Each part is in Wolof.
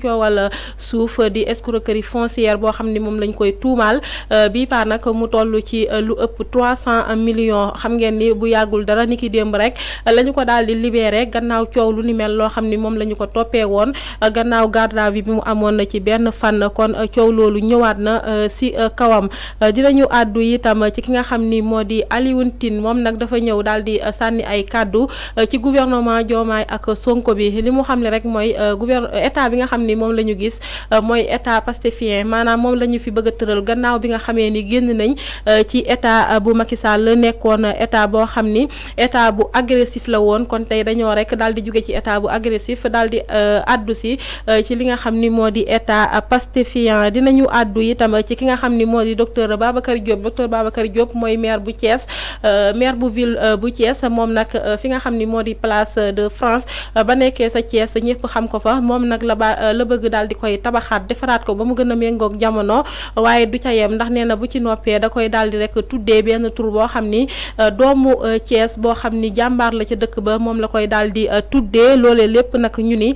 coowal euh, suuf di escroquerie foncière boo xam ni moom lañ koy tuumaal euh, bii par nag mu toll ci euh, lu ëpp trois cent millions xam ngeen ni bu yàggul dara ni ki démb rek la ñu ko daal di libéré gannaaw coow lu ni mel loo xam ni moom la ñu ko toppee woon gannaaw garde à vue bi mu amoon na ci benn fànn kon coow loolu ñëwaat na si kawam dinañu àddu itam ci ki nga xam ni moo di Alioune moom nag dafa ñëw daal di sànni ay kàddu ci gouvernement Diomaye ak Sonko bi ni mom lañu gis euh, moy état pastefien manam mom lañu fi bëgg teural gannaaw bi nga xamé ni genn nañ euh, ci état euh, bu Macky Sall nekkoon état bo xamni état bu agressif la won kon tay dañu rek daldi di ci état bu agressif daldi di addu si ci li nga xamni modi di état pastefien dinañu addu itam ci ki nga xamni modi di docteur Babacar Diop docteur Babacar Diop moy maire bu Thiès maire bu ville bu Thiès mom nak fi nga xamni modi di place de France ba nekké sa Thiès ñepp xam ko fa mom nak la la bëgg daal di koy tabaxaat defaraat ko ba mu gën a méngoog jamono waaye du ca yem ndax nee na bu ci noppee da koy daal di rek tuddee benn tur boo xam ni euh, doomu euh, Thiès boo xam ni jàmbaar la ca dëkk ba moom la koy daal di euh, tuddee loolee lépp nag ñu ni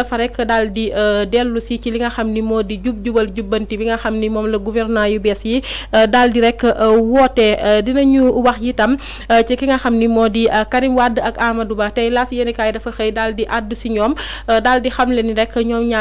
dafa rekk daal di dellu si ci li nga xam ni moo di jub jubal jubbanti bi nga xam ni moom la gouvernement yu bees yi daal di rek woote dinañu wax itam ci ki nga xam ni moo di Karim Wade ak amadu Ba tey laas yéenekaay dafa xëy daal di àddu si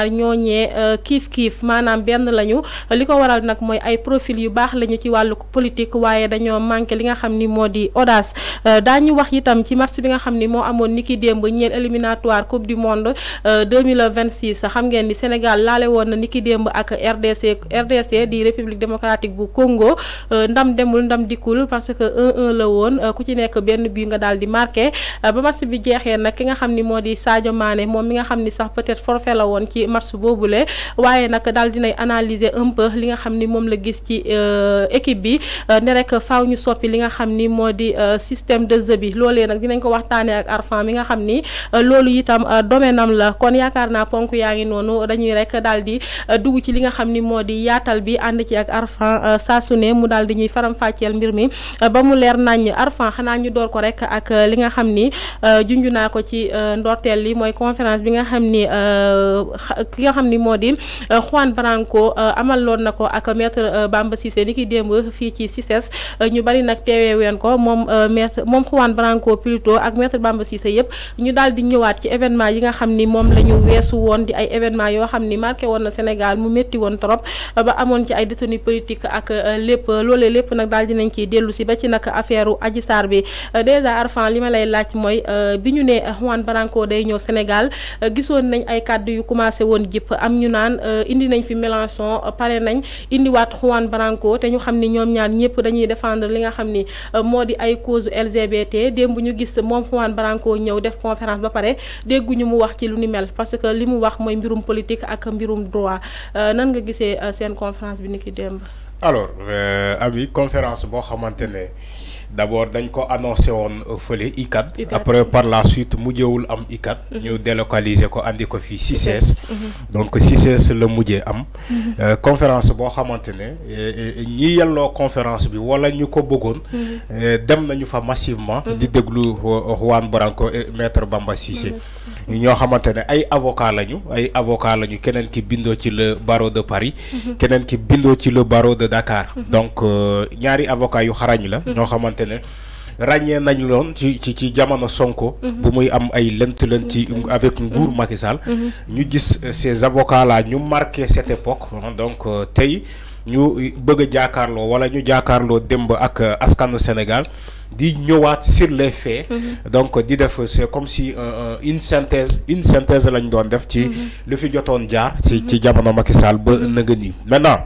ñaar ñooñee euh, kiif kiif maanaam benn lañu li ko waral nag mooy ay profil yu baax lañu ci wàllu politique waaye dañoo manqué li nga xam ni moo di audace euh, daañu wax itam ci match bi nga xam ni moo amoon ni ki démb ñeel éliminatoire coupe du monde 2026 euh, xam ngeen di Sénégal laale woon na ni ki démb ak RDC RDC di république démocratique bu Congo ndam demul ndam dikkul parce que 1 la woon ku ci nekk benn bii nga daal di marqué ba match bi jeexee nag ki nga xam ni moo di Sadio Mané moom mi nga xam ni sax peut-être match boobule waaye nag daal dinay analyser un li nga xam ni moom la gis ci euh, équipe bi euh, ne rek faaw ñu soppi li nga xam ni moo di euh, système de jeu bi loolee nag dinañ ko waxtaanee ak Arfan bi nga xam ni loolu itam domaine am la kon yaakaar naa ponk yaa ngi noonu dañuy rek dal di dugg ci li nga xam ni moo di yaatal bi ànd ci ak Arfan saa mu daal di ñuy faram-fàcceel mbir mi ba mu leer nañ Arfan xanaa ñu door ko rek ak li nga xam ni junj naa ko ci ndorteel ki nga xam ni moo di euh, Juan Branco euh, amaloon na ko ak maître euh, Bamba Cissé ni ki démb fii ci CICES ñu bari nag teewee ween ko moom maître moom Juan Branco plutôt ak metre Bamba Cissé yëpp ñu daal ñëwaat ci événement yi nga xam ni moom la ñu weesu woon di ay événement yoo xam ni marqué woon na Sénégal mu métti woon trop ba amoon ci ay détenus politiques ak lépp loole lépp nag daal nañ ciy dellu si ba ci nag affaire ajisaar bi dèjà Arfan li ma lay laaj mooy bi ñu ne Juan Branco day ñëw Sénégal woon jëpp am ñu naan euh, indi nañ fi Mélenchon euh, pare nañ indiwaat Juan Branco te ñu xam ni ñoom ñaan ñëpp dañuy defendre li nga xam ni euh, moo di ay cause LGBT démb ñu gis moom Juan Branco ñëw def conférence ba pare dégguñu mu wax ci lu ni mel parce que li mu wax mooy mbirum politique ak mbirum droit nan nga gisee seen conférence bi ni ki démb alors abi conférence boo xamante ne d'abord abord dañ ko annoncé woon fële ICAD après par la suite mujjewul am ICAD nous mhm. délocaliser ko andi ko fii CICES mhm. donc CICES le moudjé am mhm. euh, conférence bo xamante euh, euh, ñi yallo conférence bi wala ñu ko bëggoon dem nañu fa massivement di déglu Juan Branco et maître Bamba Cissé ñoo xamante ay avocat lañu ay avocat lañu kenen ki bindo ci le barreau de Paris kenen ki bindo ci le barreau de Dakar donc ñaari avocat yu xarañ la ñoo xamante xamante ne ràññee nañu loon ci ci ci jamono Sonko. Mhm. bu muy am ay lënt lënt ci mhm. avec nguur mhm. Macky Sall. ñu gis euh, ces avocats là ñu marqué cette époque hein, donc euh, tey ñu bëgg a jaakaarloo wala ñu jaakaarloo démb ak euh, askanu Sénégal di ñëwaat sur les faits. donc di def c'est comme si une synthèse une synthèse lañ doon def. ci lu fi jotoon jaar. ci ci jamono Macky Sall ba nëgë nii maintenant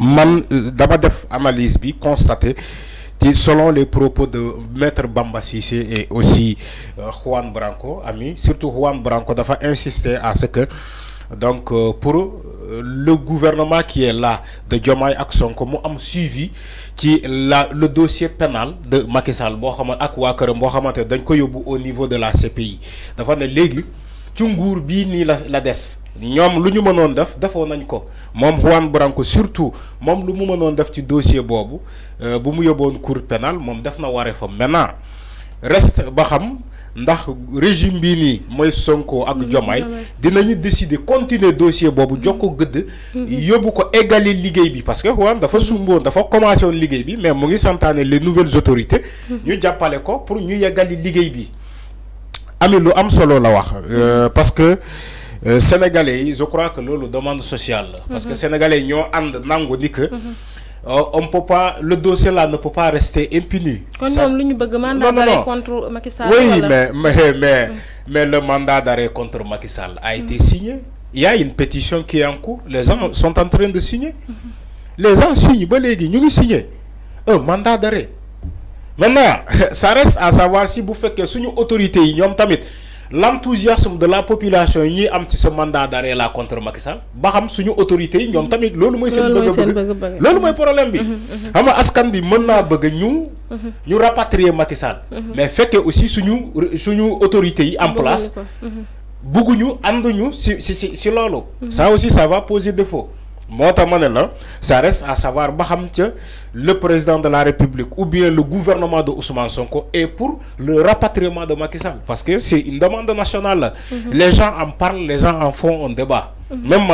man dama def analyse bi constater selon les propos de maître Bamba et aussi euh, Juan Branco ami surtout Juan Branco d'avoir insisté à ce que donc euh, pour euh, le gouvernement qui est là de Diomaye Akson, comme on am suivi qui la le dossier pénal de Macky Sall Akwa xamante ak waa au niveau de la CPI d'avoir les léegi ci bini la ñoom luñu mënon def nañ ko Juan Branco surtout mom lu mu def ci dossier boobu euh, bu mu cour pénale mom def na maintenant reste ba xam régime bi ni Sonko ak jomay mm-hmm. dinañu décider continuer dossier de joko gëdd mm-hmm. égaler liguey bi parce que Juan dafa mm-hmm. dafa commencé bi mais ngi les nouvelles autorités pour ñu bi ami lu am solo la euh, parce que euh, sénégalais je crois que le demande sociale parce que mhm. sénégalais n'y ont nangu que. Mhm. Euh, on peut pas le dossier là ne peut pas rester impuni. mandat contre oui mais mais le mandat d'arrêt contre Macky Sall a été mm. signé. il y a une pétition qui est en cours les gens mm. sont en train de signer. Mm-hmm. les gens signent ba les ñu un mandat d'arrêt maintenant ça reste à savoir si vous faites suñu autorité, autorité tamit l'enthousiasme de la population yi am ci ce mandat d'arrêt là contre Macky Sall ba xam suñu autorité yi tamit lolu moy seen bëgg-bëgg loolu mooy problème bi mhm, mhm. xam nga askan bi mën naa bëgg ñu mhm. ñu rapatrier Macky Sall mais fekkee aussi suñu suñu autorité yi en place bëgguñu ànduñu si ci ci si loolu ça aussi ça va poser défaut ça reste à savoir le président de la république ou bien le gouvernement de Ousmane Sonko et pour le rapatriement de Macky parce que c'est une demande nationale mhm. les gens en parlent les gens en font un débat mhm. même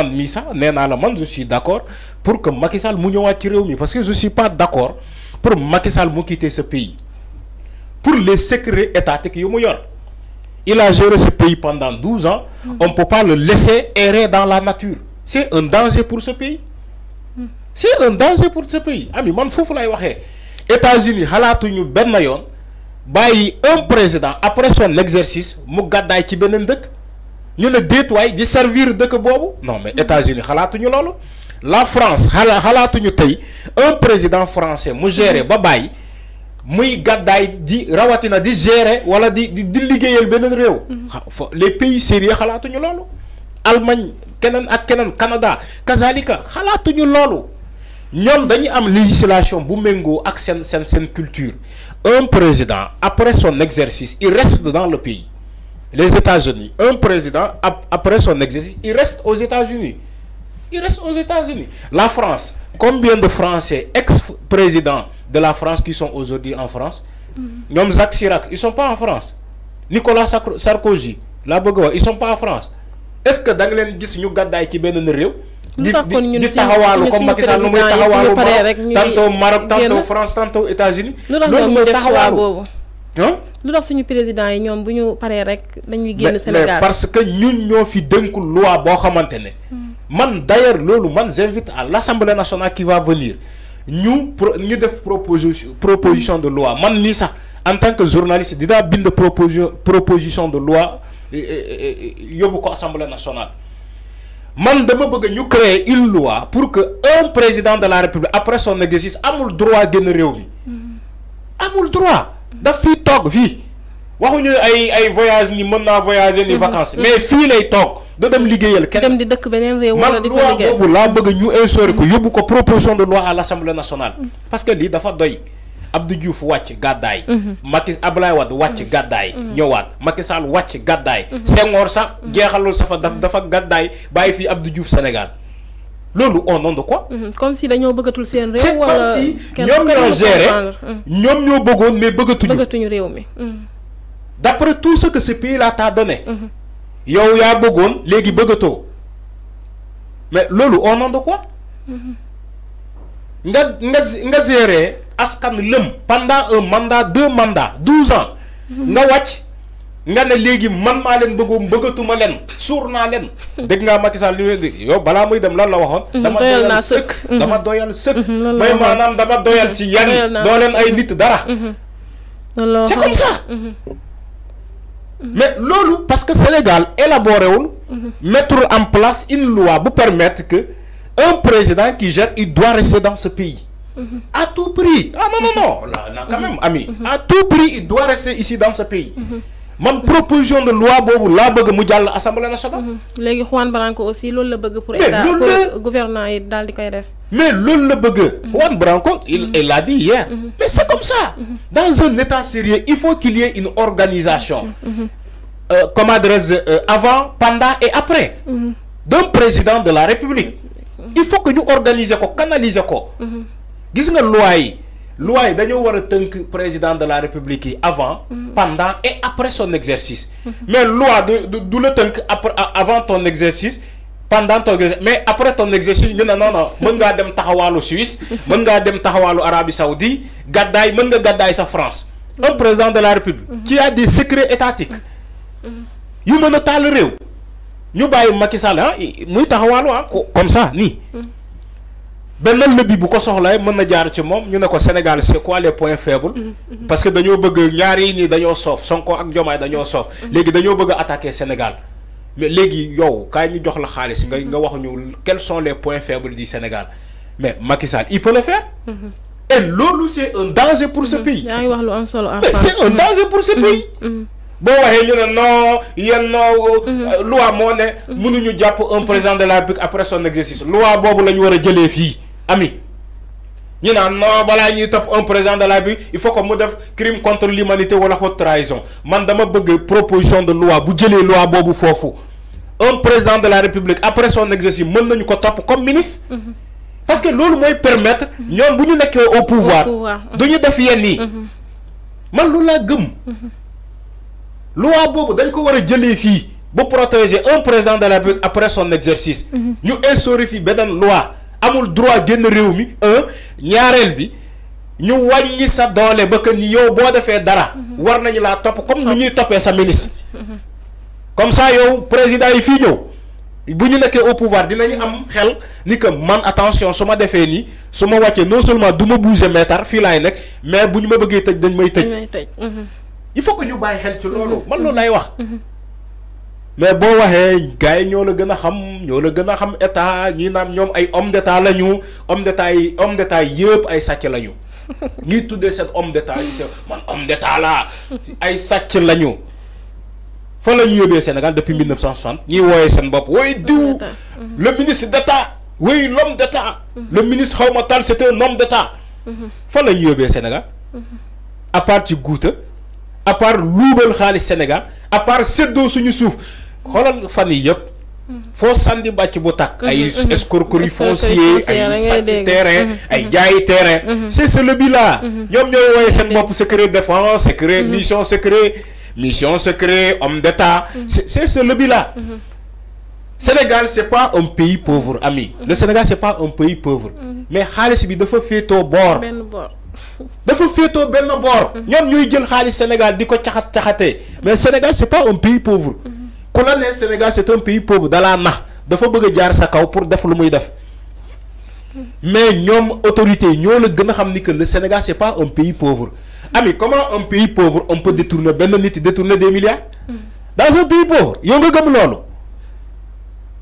man je suis d'accord pour que Macky Sall mu à parce que je suis pas d'accord pour Macky Sall quitter ce pays pour les secrets étatiques yu il a géré ce pays pendant 12 ans mhm. on peut pas le laisser errer dans la nature c'est un danger pour ce pays c'est un danger pour ce pays ami man fofu lay waxé. États-Unis ñu ben yoon bàyyi un président après son exercice mu gaday ci benen deuk ñu ne di servir dëkk bobu. non mais États-Unis ñu lolu. la France halatu ñu tay un président français mu géré ba bàyyi muy gaday di rawatina di gérer wala di di liggéeyal benen réew mm-hmm. les pays sérieux ñu lolu. Allemagne Canada kazalika Khalatou Lolo. Nous dañuy am législation boumengo ak culture un président après son exercice il reste dans le pays les États-Unis un président après son exercice il reste aux États-Unis il reste aux États-Unis la France combien de Français ex-présidents de la France qui sont aujourd'hui en France mm-hmm. ñoom Jacques ils sont pas en France Nicolas Sarkozy La Bogo ils sont pas en France est-ce que da leen gis ñu gaday ci benn réew. di di taxawaalu comme Macky Sall nu muy taxawaalu tantôt Maroc tantôt France tantôt États-Unis loolu bobu taxawaalu hein? lu tax suñu président yi ñom buñu paré rek dañuy génn Sénégal mais parce que ñun ñoo fi dënk loi bo xamantene hmm. man d'ailleurs loolu man j'invite à l'Assemblée nationale qui va venir ñu ñu def proposition proposition de loi man ni sax en tant que journaliste dinaa bind proposition proposition de loi. Eh, eh, eh, yobou ko assemblée nationale man dama bëgg ñu créer une loi pour que un président de la république après son exercice amul droit génn réew bi mm-hmm. amul droit da fi tok fi waxu ñu ay ay voyage ni mëna voyager ni mm-hmm. vacances mm-hmm. mais fi lay tok da dem liggéeyal kenn dem di dëkk benen réew wala di fa liggéey man loi boobu bëgg ñu instaurer ko yobou ko proposition de loi à l'assemblée nationale parce que li dafa doy Abdou Diouf wàcc gàddaay. Mhm. Macky Abdoulaye Wade wàcc mhm. gàddaay. Mhm. ñëwaat Macky Sall wàcc gàddaay. Senghor sax jeexalul safa daf dafa gàddaay bàyyi fii Abdou Diouf Sénégal loolu au nom comme si dañoo bëggatul seen réew. ñoo ñoo bëggoon mais bëggatuñu. réew mi. d'après tout ce que ce pays-là t'a yow yaa bëggoon léegi bëggatoo mais loolu au nom nga nga nga géré. askan pendant un mandat deux mandats douze ans nga wacc nga ne léegi man ma len bëggoon bëggatuma sur suur naa leen hmm. dégg Macky Sall di dem lan la waxoon hmm. dama doyal seuk hmm. dama doyal dama doyal ci do ay nit dara c'est comme ça mais lolu parce que Sénégal élaboré wul mettre en place une loi pour permettre que un président qui gère il doit rester dans ce pays à tout prix ah non non non là, quand même ami à tout prix il doit rester ici dans ce pays Mon proposition de loi pour laa nationale. Juan Branco aussi le pour état gouvernement mais le la mhm. Juan Branco il mhm. l'a dit hier. Mhm. mais c'est comme ça. dans un état sérieux il faut qu'il y ait une organisation. Euh, comme adresse euh, avant pendant et après. d'un président de la république. il faut que nous organiser ko canaliser gis nga loi loi d'ailleurs, dañoo war président de la république avant mhm. pendant et après son exercice mhm. mais loi de du le tënk après avant ton exercice pendant ton exercice mais après ton exercice non, non non mën nga dem taxawalu Suisse mhm. mën nga dem taxawalu Arabie Saoudi gaday mën nga gaday sa France un président de la république qui a des secrets étatiques yu mën tal rew ñu baye Macky Sall ah muy taxawalu ah comme ça ni benn le bu ko soxlay mën na jaar ci mom ñu ne ko Sénégal c'est quoi les points faibles mm, mm. parce que dañoo bëgg ñaari ni nii dañoo soof Sonko ak jomay dañoo soof mm. légui dañoo bëgg attaquer Sénégal mais légui yow kay ñu jox la xaalis nga nga wax ñu quels sont les points faibles du Sénégal mais Macky Sall il peut le faire mm-hmm. et lolu c'est un danger pour ce mm-hmm. pays c'est un mm-hmm. danger pour ce pays bo waxe ñu a non yenn loi moo ne ñu japp un président de la République après son exercice loi bobu lañ wara jëlé fi ami ñu naan non balaa ñuy top un président de la République il faut que mu crime contre l'humanité wala haute trahison man dama bëgg proposition de loi bu jëlee loi Bobu foofu un président de la République après son exercice mën nañu ko topp comme ministre. Mhm. parce que loolu mooy permettre. Mhm. ñoom bu ñu nekkee au pouvoir. Mhm. du ñu def yenn yi. man loolu gëm. loi Bobu dañ ko war a jëlee fii bu protéger un président de la République après son exercice. ñu instaurer fii beneen loi amul droit génn réew mi un ñaareel bi ñu wàññi sa doole ba que ni yow boo defee dara. Mhm. war nañu laa topp comme ni ñuy toppee sa ministre. Mhm. comme ça yow président yi fii ñëw bu ñu nekkee au pouvoir dinañ am xel ni que man attention su ma defee nii su ma wàccee non seulement du ma bouger meetar fii laay nekk mais bu ñu ma bëggee tëj dañ may tëj. Mhm. il faut que ñu bàyyi xel ci loolu. man loolu lay wax mais bo waxee gaay ñoo la gëna a xam ñoo la gëna xam état ñi naan ñom ay homme d'état lañu homme d'état yi homme d'état yëpp ay sàcc lañu ñi tuddé cet homme d'état yi man homme d'état la ay sàcc lañu fa la yobé Sénégal depuis 1960 ñi woyé sen bop wooy diw mm-hmm. le ministre d'état oui l'homme d'état mm-hmm. le ministre xawma tal c'était un homme d'état mm-hmm. fa la yobé Sénégal à part ci à part loubel xaalis Sénégal à part seddo suñu suuf xoolal fan yi yëpp. Mhm. foo sandi bàcc bu tàkk mhm, ay mhm. escroquerie foncier ay sàcc terrain ay jaayi terrain c'est ce le là ñoom ñooy wooye seen bopp secret défense secret mission secret mission secret homme d'état c'est ce le là Sénégal c'est pas un pays pauvre ami le Sénégal c'est pas un pays pauvre mais xaalis bi dafa féetoo boor dafa féetoo benn boor ñoom ñuy jël xaalis Sénégal di ko caxat mais Sénégal c'est pas un pays pauvre le Sénégal c'est un pays pauvre la na, de bëgg a jaar sa kaw pour def lu muy def mais nous, autorité ñoo la que le Sénégal c'est pas un pays pauvre ami comment un pays pauvre on peut détourner ben nit détourner des milliards dans un pays pauvre yow nga comme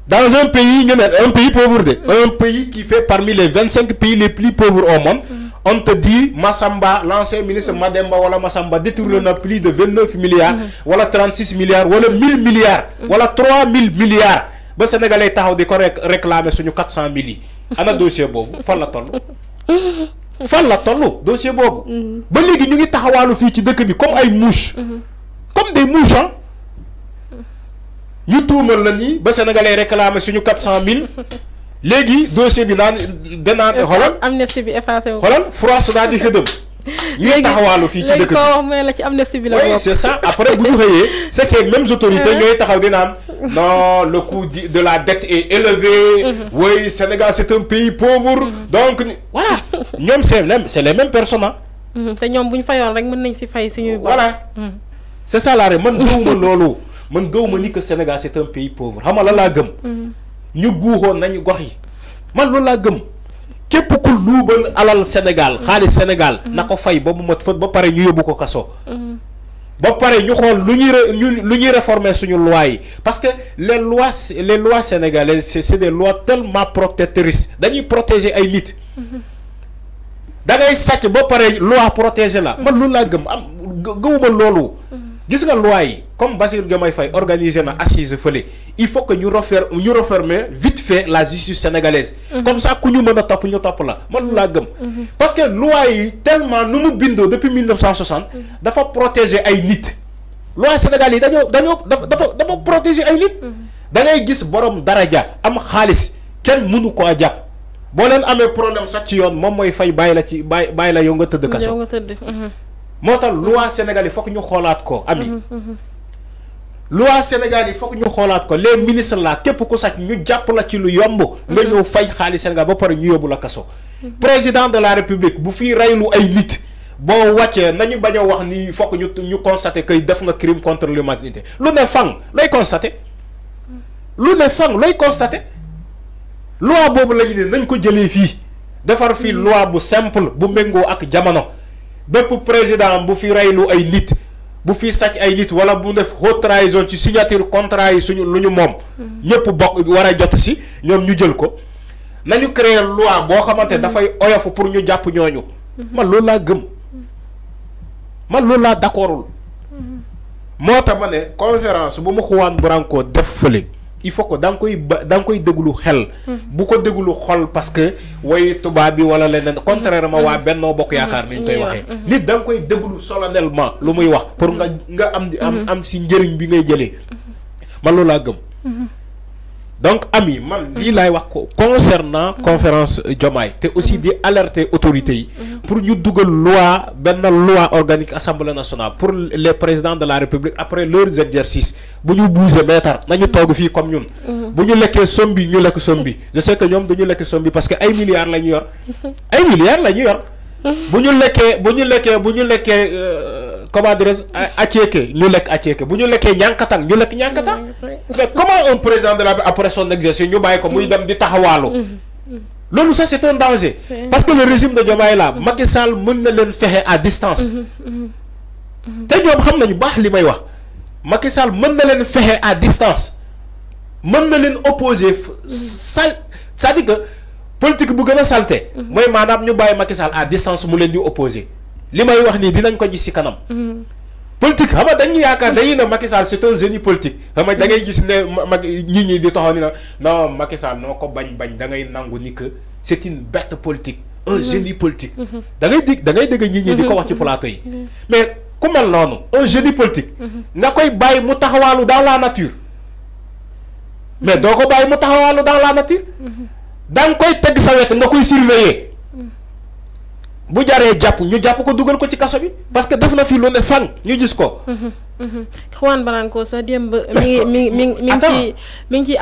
dans un pays un pays pauvre de un pays qui fait parmi les 25 pays les plus pauvres au monde on te dit Massamba l'ancien ministre Mademba wala Massamba détourne plus de 29 milliards. voilà mhm. 36 milliards voilà 1000 milliards. voilà mhm. 3000 milliards. ba sénégalais taxaw di ko réclamer suñu 400 cent dossier bon la toll. fan dossier bon mhm. ba les ñu ngi ci comme mouches. comme des mouches ah. ñu tuumal na ba sénégalais Légi, dossier bi daan danaa xoolal amnistie bi effacé wu France daal di xëdëm ñuy taxawaalu fii ci dëkk bi léegi koo wax mooy la ci amnistie bi la oui c'est ça après bu ñu c'est ces mêmes autorités euh. ñooy taxaw dina am non le coût de la dette est élevé mm-hmm. oui Sénégal c'est un pays pauvre mm-hmm. donc voilà ñoom c'est les mêmes, c'est les mêmes personnes hein. mm-hmm. te ñoom bu ñu fayoon rek mën nañ si fay suñuy voilà c'est ça la règle man gëwuma loolu man gëwuma ni que Sénégal c'est un pays pauvre xam la lan gëm ñu guuxoon nañu gox yi man loolu laa gëm képp ku luubal alal Sénégal xaalis Sénégal mm-hmm. na ko fay ba mu mat fët ba pare ñu yóbbu ko kaso mm-hmm. ba pare ñu xool lu ñuy ñu lu ñuy réformer suñu loi yi parce que les lois les lois sénégalaises c'est des lois tellement protectrices dañuy protéger ay nit mm-hmm. da ngay sàcc ba pare loi protégé la man lu laa gëm am gëwuma loolu gis nga loi yi comme Bassirou Diomaye Faye organiser na assise fële il faut que ñu refer ñu refermer vite fait la justice sénégalaise. Mhm. comme ça ku ñu mën a topp ñu topp la man la mhm. laa mhm. parce que loi yi tellement nous mu bindoo depuis 1960. dafa protéger ay nit. loi Sénégal yi dañoo dañoo dafa dafa protéger ay nit. da ngay gis borom daraja am xaalis kenn mënu koo jàpp. boo leen amee problème sax ci yoon moom mooy fay bàyyi la ci la yow nga tëdd loi Sénégal il faut ñu nous ko ami mhm, mhm. loi Sénégal ñu ko les ministres la képp ku les ñu les la ci lu yomb nga mhm. fay xaalis Sénégal ba ñu la président de la république bu fi lu ay nit bo wacce nañu wax ni fokk ñu ñu constater que def nga crime contre l'humanité lu ne fang lay constaté lu ne fang lay constaté loi bobu lañu ne nañ ko jëlé loi simple bu ak bépp président bu fi reylu ay nit bu fi sàcc ay nit wala bu def haute trahison ci signature contrat yi suñu lu ñu moom. Mm-hmm. ñëpp bokk war a jot si ñoom ñu jël ko nañu créer loi boo xamante dafay mm-hmm. oyof pour ñu jàpp ñooñu. Mm-hmm. man loolu laa gëm man loolu laa d'accordul moo tax ma ne conférence bu ma Juan Branco def fële. il faut que da nga koy ba da nga koy déglu xel. bu ko déglu xol parce que way tubaab bi wala leneen contrairement waa Bennoo Bokk Yaakaar ni ñu koy waxee. nit da nga koy déglu solennellement lu muy wax pour nga nga am am mm-hmm. am si njëriñ bi ngay jëlee man loolu laa gëm. Mm-hmm. donc ami man mm-hmm. lii laay concernant mm-hmm. conférence euh, Diomaye te aussi mm-hmm. di alerter autorités pour nous dugal loi une loi organique assemblée nationale pour les présidents de la république après leurs exercices bu nous bouger meetar nañu de fii comme nous. bu nous lekkee somme bi ñu lekk les je sais que nous dañu les somme parce que ay milliards la milliard yor ay milliards la nous yor bu nous comment dirais-je euh, acceeke lek lekk acceeke que ñu lekkee ñànkatan ñu lekk mais comment on présente de la après son exercice ñu bàyyi ko muy dem di taxawaalu mm-hmm. Mm-hmm. ça c'est un danger parce que le régime de Diomaye là mm-hmm. Macky Sall mën na leen à distance te ñoom xam nañu baax nous wax Macky Sall na leen à distance Nous na leen opposer cest à que politique bu gën salter salte madame maanaam ñu baille Macky Sall à distance mu leen di opposer li may wax nii dinañ ko gis si kanam. Mhm. politique xam nga dañuy yaakaar dañuy ne Macky Sall c'est un génie politique xam nga ngay gis ne mag ñi ñi di taxaw ni na non Macky noo ko bañ bañ da ngay nangu ni que c'est une bête politique un mhm. génie politique. Mhm. da ngay dig da ngay dégg ñi ñi di ko wax ci plateau yi. mais ku mel noonu un génie politique. nga koy bàyyi mu taxawaalu dans la nature. mais doo ko bàyyi mu taxawaalu dans la nature. da nga koy teg sa wet nga koy surveiller. bu jaree jàpp ñu jàpp ko dugal ko ci kaso bi parce que def na fi lu ne fang ñu gis ko. Juan Branco sax démb. mi ngi mi ngi mi ngi ci mi